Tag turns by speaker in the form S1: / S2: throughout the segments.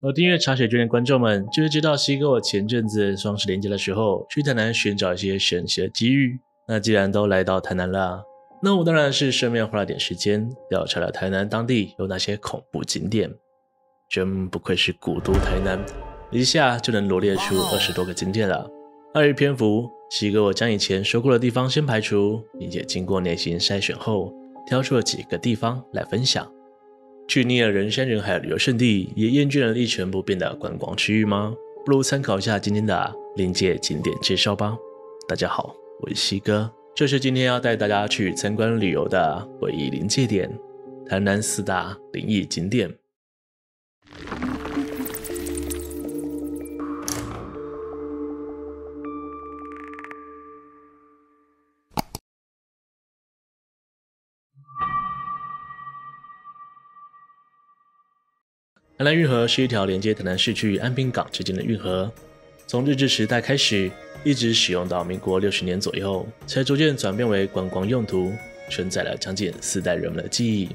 S1: 而、哦、訂閱茶水間的觀眾們，就會知道西哥我前陣子雙十連假的時候去台南尋找一些神奇的機遇。那既然都來到台南啦，那我當然是順便花了點時間調查了台南當地有哪些恐怖景點。真不愧是古都台南，一下就能羅列出二十多個景點了。礙於篇幅，西哥我將以前說過的地方先排除，並且經過耐心篩選後，挑出了幾個地方來分享。去膩了人山人海的旅遊勝地，也厭倦了一成不變的觀光區域嗎？不如參考一下今天的靈異景點介紹吧。大家好，我是西哥，這是今天要帶大家去參觀旅遊的唯一靈異點——台南四大靈異景點。台南運河是一條連接台南市區與安平港之間的運河，從日治時代開始，一直使用到民國六十年左右，才逐漸轉變為觀光用途，承載了將近四代人們的記憶。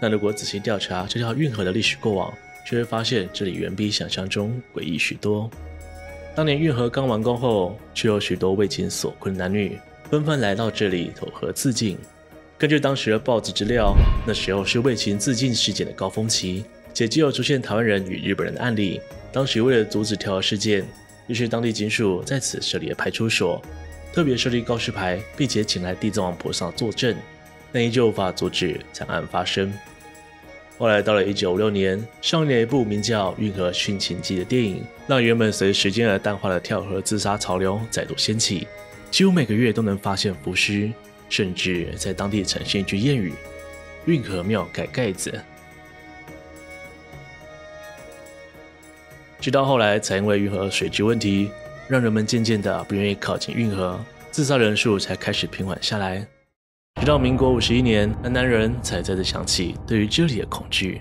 S1: 但如果仔細調查這條運河的歷史過往，就會發現這裡遠比想象中詭異許多。當年運河剛完工後，卻有許多為情所困的男女紛紛來到這裡投河自盡。根據當時的報紙資料，那時候是為情自盡事件的高峰期。且既有出現台灣人與日本人的案例，當時為了阻止跳河事件，於是當地警署在此設立了派出所，特別設立告示牌，並且請來地藏王菩薩坐鎮，但依舊無法阻止慘案發生。後來到了1956年，上映了一部名叫《運河殉情記》的電影，讓原本隨時間而淡化的跳河自殺潮流再度掀起，幾乎每個月都能發現浮屍，甚至在當地產生一句諺語：“運河沒有蓋蓋子。”直到後來，才因為運河水質問題，讓人們漸漸的不願意靠近運河，自殺人數才開始平穩下來。直到民國五十一年，台南人才再次想起對於這裡的恐懼。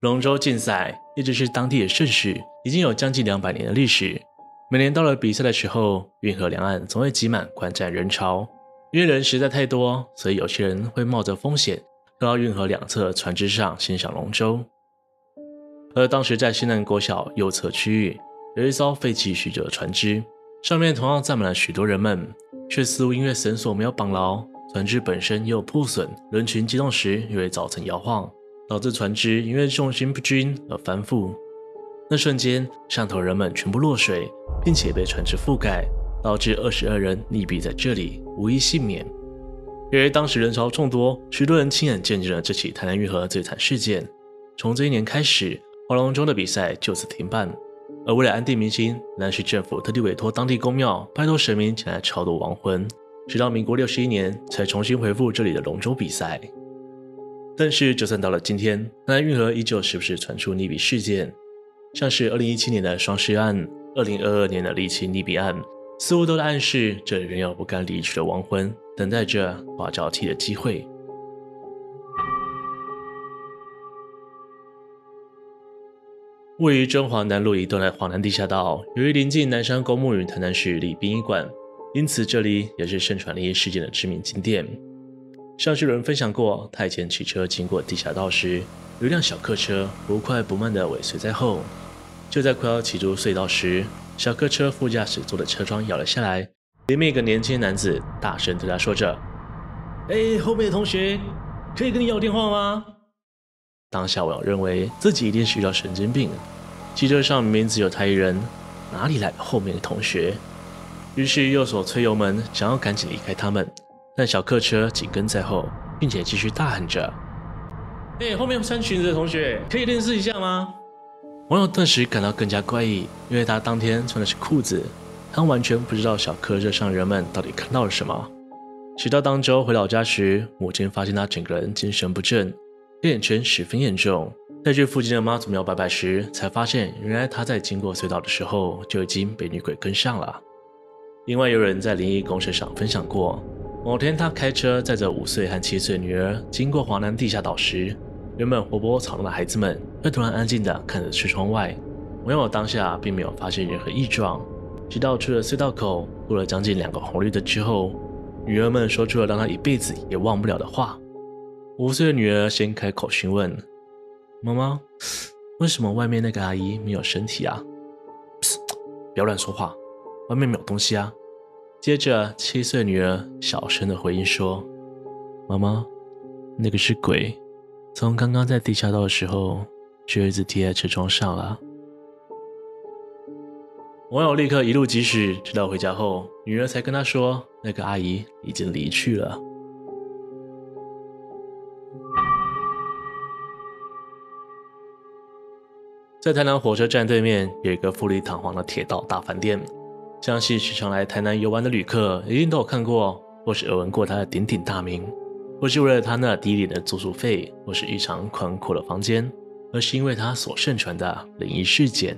S1: 龍舟競賽一直是當地的盛事，已經有將近兩百年的歷史。每年到了比賽的時候，運河兩岸總會擠滿觀戰人潮。因為人實在太多，所以有些人會冒着風險，到運河兩側船隻上欣賞龍舟。而當時，在西南國小右側區域，有一艘廢棄許久的船只，上面同樣站滿了許多人們，卻似乎因為繩索沒有綁牢，船只本身也有破損，人群激動時也會造成搖晃，導致船只因為重心不均而翻覆。那瞬間，上頭人們全部落水，並且被船只覆蓋，導致二十二人溺斃在這裡，無一幸免。由於當時人潮眾多，許多人親眼見證了這起台南運河最慘事件。從這一年開始。划龍舟的比賽就此停辦，而為了安定民心，南市政府特地委託當地宮廟拜託神明前來超度亡魂，直到民國六十一年才重新恢復這裡的龍舟比賽。但是，就算到了今天，南運河依舊時不時傳出溺斃事件，像是二零一七年的雙屍案、二零二二年的離奇溺斃案，似乎都在暗示這裡仍有不甘離去的亡魂，等待着化交替的機會。位於中華南路一段的華南地下道，由於臨近南山公墓與台南市立殯儀館，因此這裡也是盛傳靈異事件的知名景點。上期有人分享過，他以前騎車經過地下道時，有一輛小客車不快不慢地尾隨在後。就在快要騎出隧道時，小客車副駕駛座的車窗搖了下來，裡面一個年輕男子大聲對他說着：“哎、欸，後面的同學，可以跟你要電話嗎？”當下網友認為自己一定是遇到神經病了。機車上明明只有他一人，哪裡來的後面的同學？於是右手催油門，想要趕緊離開他們，但小客車緊跟在後，並且繼續大喊着：“哎、欸，後面穿裙子的同學，可以認識一下嗎？”網友頓時感到更加怪異，因為他當天穿的是褲子，他完全不知道小客車上的人們到底看到了什麼。直到當周回老家時，母親發現他整個人精神不振。黑眼圈十分嚴重，在去附近的媽祖廟拜拜時，才發現原來他在經過隧道的時候就已經被女鬼跟上了。另外有人在靈異公社上分享過，某天他開車載着五歲和七歲的女兒經過華南地下道時，原本活潑吵鬧的孩子們，會突然安靜地看着車窗外。我有當下並沒有發現任何異狀，直到出了隧道口，過了將近兩個紅綠燈之後，女兒們說出了讓他一輩子也忘不了的話。五歲的女兒先開口詢問：“媽媽，為什麼外面那個阿姨沒有身體啊？”“噓，不要亂說話，外面沒有東西啊。”接着，七歲女兒小聲的回應說：“媽媽，那個是鬼。從剛剛在地下道的時候，就一直貼在車窗上了。”網友立刻一路疾駛，直到回家後，女兒才跟他說：“那個阿姨已經離去了。”在台南火車站對面有一個富麗堂皇的鐵道大飯店，相信時常來台南遊玩的旅客一定都有看過，或是耳聞過它的鼎鼎大名，不是為了它那低廉的住宿費，或是異常寬闊的房間，而是因為它所盛傳的靈異事件。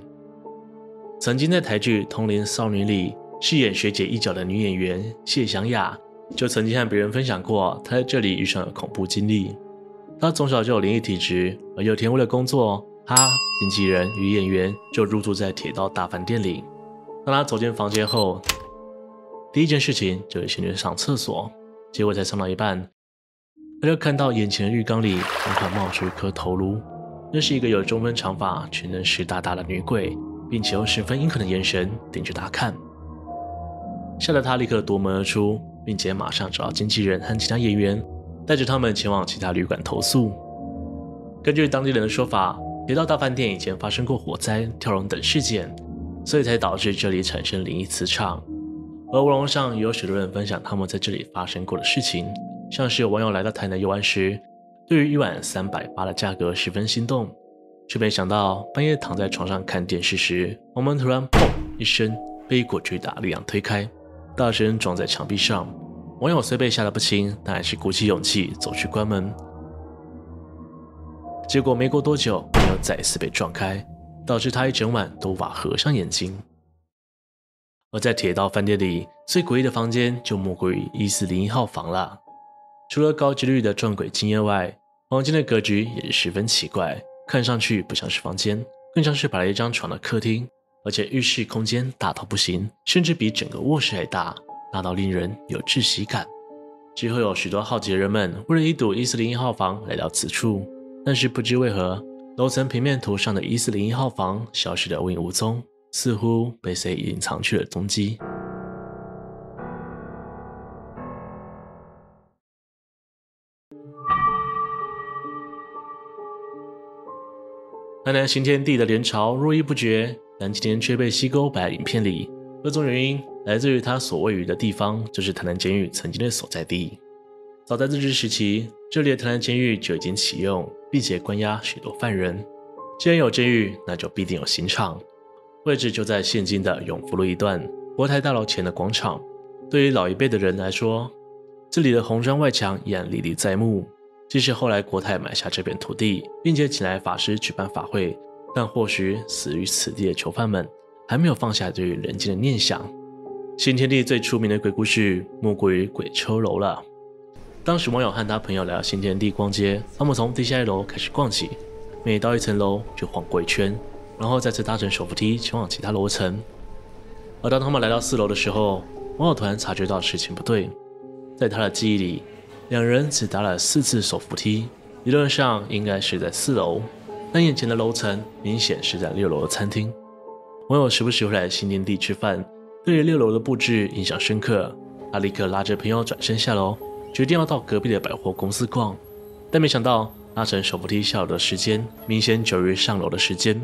S1: 曾經在台劇《通靈少女》裡飾演學姐一角的女演員謝祥雅，就曾經和別人分享過她在這裡遇上的恐怖經歷。她從小就有靈異體質，而有天為了工作。他，經紀人與演員就入住在鐵道大飯店裡。當他走進房間後，第一件事情就是先去上廁所，結果才上到一半，他就看到眼前的浴缸裡緩緩冒出一顆頭顱，那是一個有中分長髮、全身濕答答的女鬼，並且用十分陰狠的眼神盯着他看，嚇得他立刻奪門而出，並且馬上找到經紀人和其他演員，帶着他們前往其他旅館投訴。根據當地人的說法。別到大飯店以前發生過火災、跳樓等事件，所以才導致這裡產生靈異磁場。而網絡上也有許多人分享他們在這裡發生過的事情，像是有網友來到台南遊玩時，對於一晚三百八的價格十分心動，卻沒想到半夜躺在床上看電視時，房門突然砰一聲被一股巨大力量推開，大聲撞在牆壁上。網友雖被嚇得不輕，但還是鼓起勇氣走去關門，結果沒過多久。再一次被撞開，導致他一整晚都無法合上眼睛。而在鐵道飯店裡，最詭異的房間就莫過於1401號房了。除了高幾率的撞鬼經驗外，房間的格局也是十分奇怪，看上去不像是房間，更像是擺了一張床的客廳。而且浴室空間大到不行，甚至比整個臥室還大，大到令人有窒息感。之後有許多好奇的人們為了一睹1401號房來到此處，但是不知為何。樓層平面圖上的一四零一號房消失得無影無蹤，似乎被誰隱藏去了蹤跡。台南新天地的聯潮絡繹不絕，但今天卻被西溝擺在影片裡。各種原因來自於它所位於的地方，就是台南監獄曾經的所在地。早在日治時期，這裡的台南監獄就已經啟用。並且關押許多犯人。既然有監獄，那就必定有刑場，位置就在現今的永福路一段，國泰大樓前的廣場。對於老一輩的人來說，這裡的紅磚外牆依然歷歷在目。即使後來國泰買下這片土地，並且請來法師舉辦法會，但或許死於此地的囚犯們還沒有放下對於人間的念想。新天地最出名的鬼故事，莫過於鬼秋樓了。當時網友和他朋友來到新天地逛街，他們從地下一樓開始逛起，每到一層樓就晃過一圈，然後再次搭乘手扶梯前往其他樓層。而當他們來到四樓的時候，網友突然察覺到事情不對。在他的記憶裡，兩人只搭了四次手扶梯，理論上應該是在四樓，但眼前的樓層明顯是在六樓的餐廳。網友時不時會來新天地吃飯，對於六樓的布置印象深刻，他立刻拉着朋友轉身下樓。決定要到隔壁的百貨公司逛，但沒想到搭乘手扶梯下樓的時間明顯久於上樓的時間。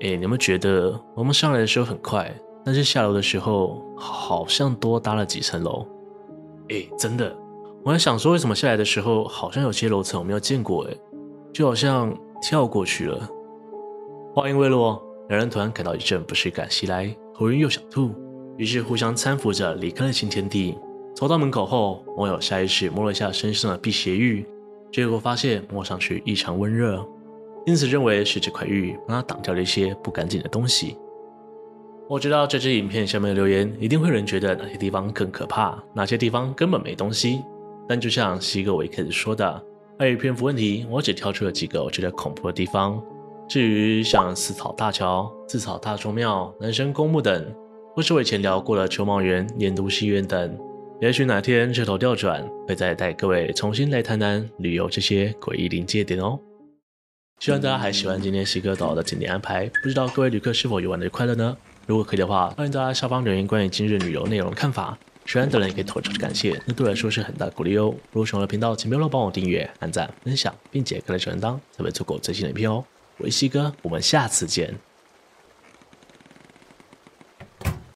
S1: 哎、欸，你們覺得我們上來的時候很快，但是下樓的時候好像多搭了幾層樓？哎、欸，真的，我還想說為什麼下來的時候好像有些樓層我沒有見過、欸？哎，就好像跳過去了。話音未落，兩人突然感到一陣不適感襲來，頭暈又想吐，於是互相攙扶着離開了新天地。走到門口後，網友下意識摸了一下身上的辟邪玉，結果發現摸上去異常溫熱，因此認為是這塊玉幫他擋掉了一些不乾淨的東西。我知道這支影片下面的留言一定會有人覺得哪些地方更可怕，哪些地方根本沒東西。但就像西哥我一開始說的，礙於篇幅問題，我只挑出了幾個我覺得恐怖的地方。至於像四草大橋、四草大眾廟、南山公墓等，或是我以前聊過的秋茂園、蓮都戲院等。也許哪天這頭調轉，會再帶各位重新來談談旅遊這些詭異臨界點哦。希望大家還喜歡今天西哥導的景點安排，不知道各位旅客是否遊玩的快樂呢？如果可以的話，歡迎大家下方留言關於今日旅遊內容的看法，喜歡的人也可以投出感謝，那對我來說是很大鼓勵哦。如果喜歡我的頻道，請別忘了幫我訂閱、按讚、分享，並且開開小鈴鐺，才不會錯過最新的影片哦。我是西哥，我們下次見。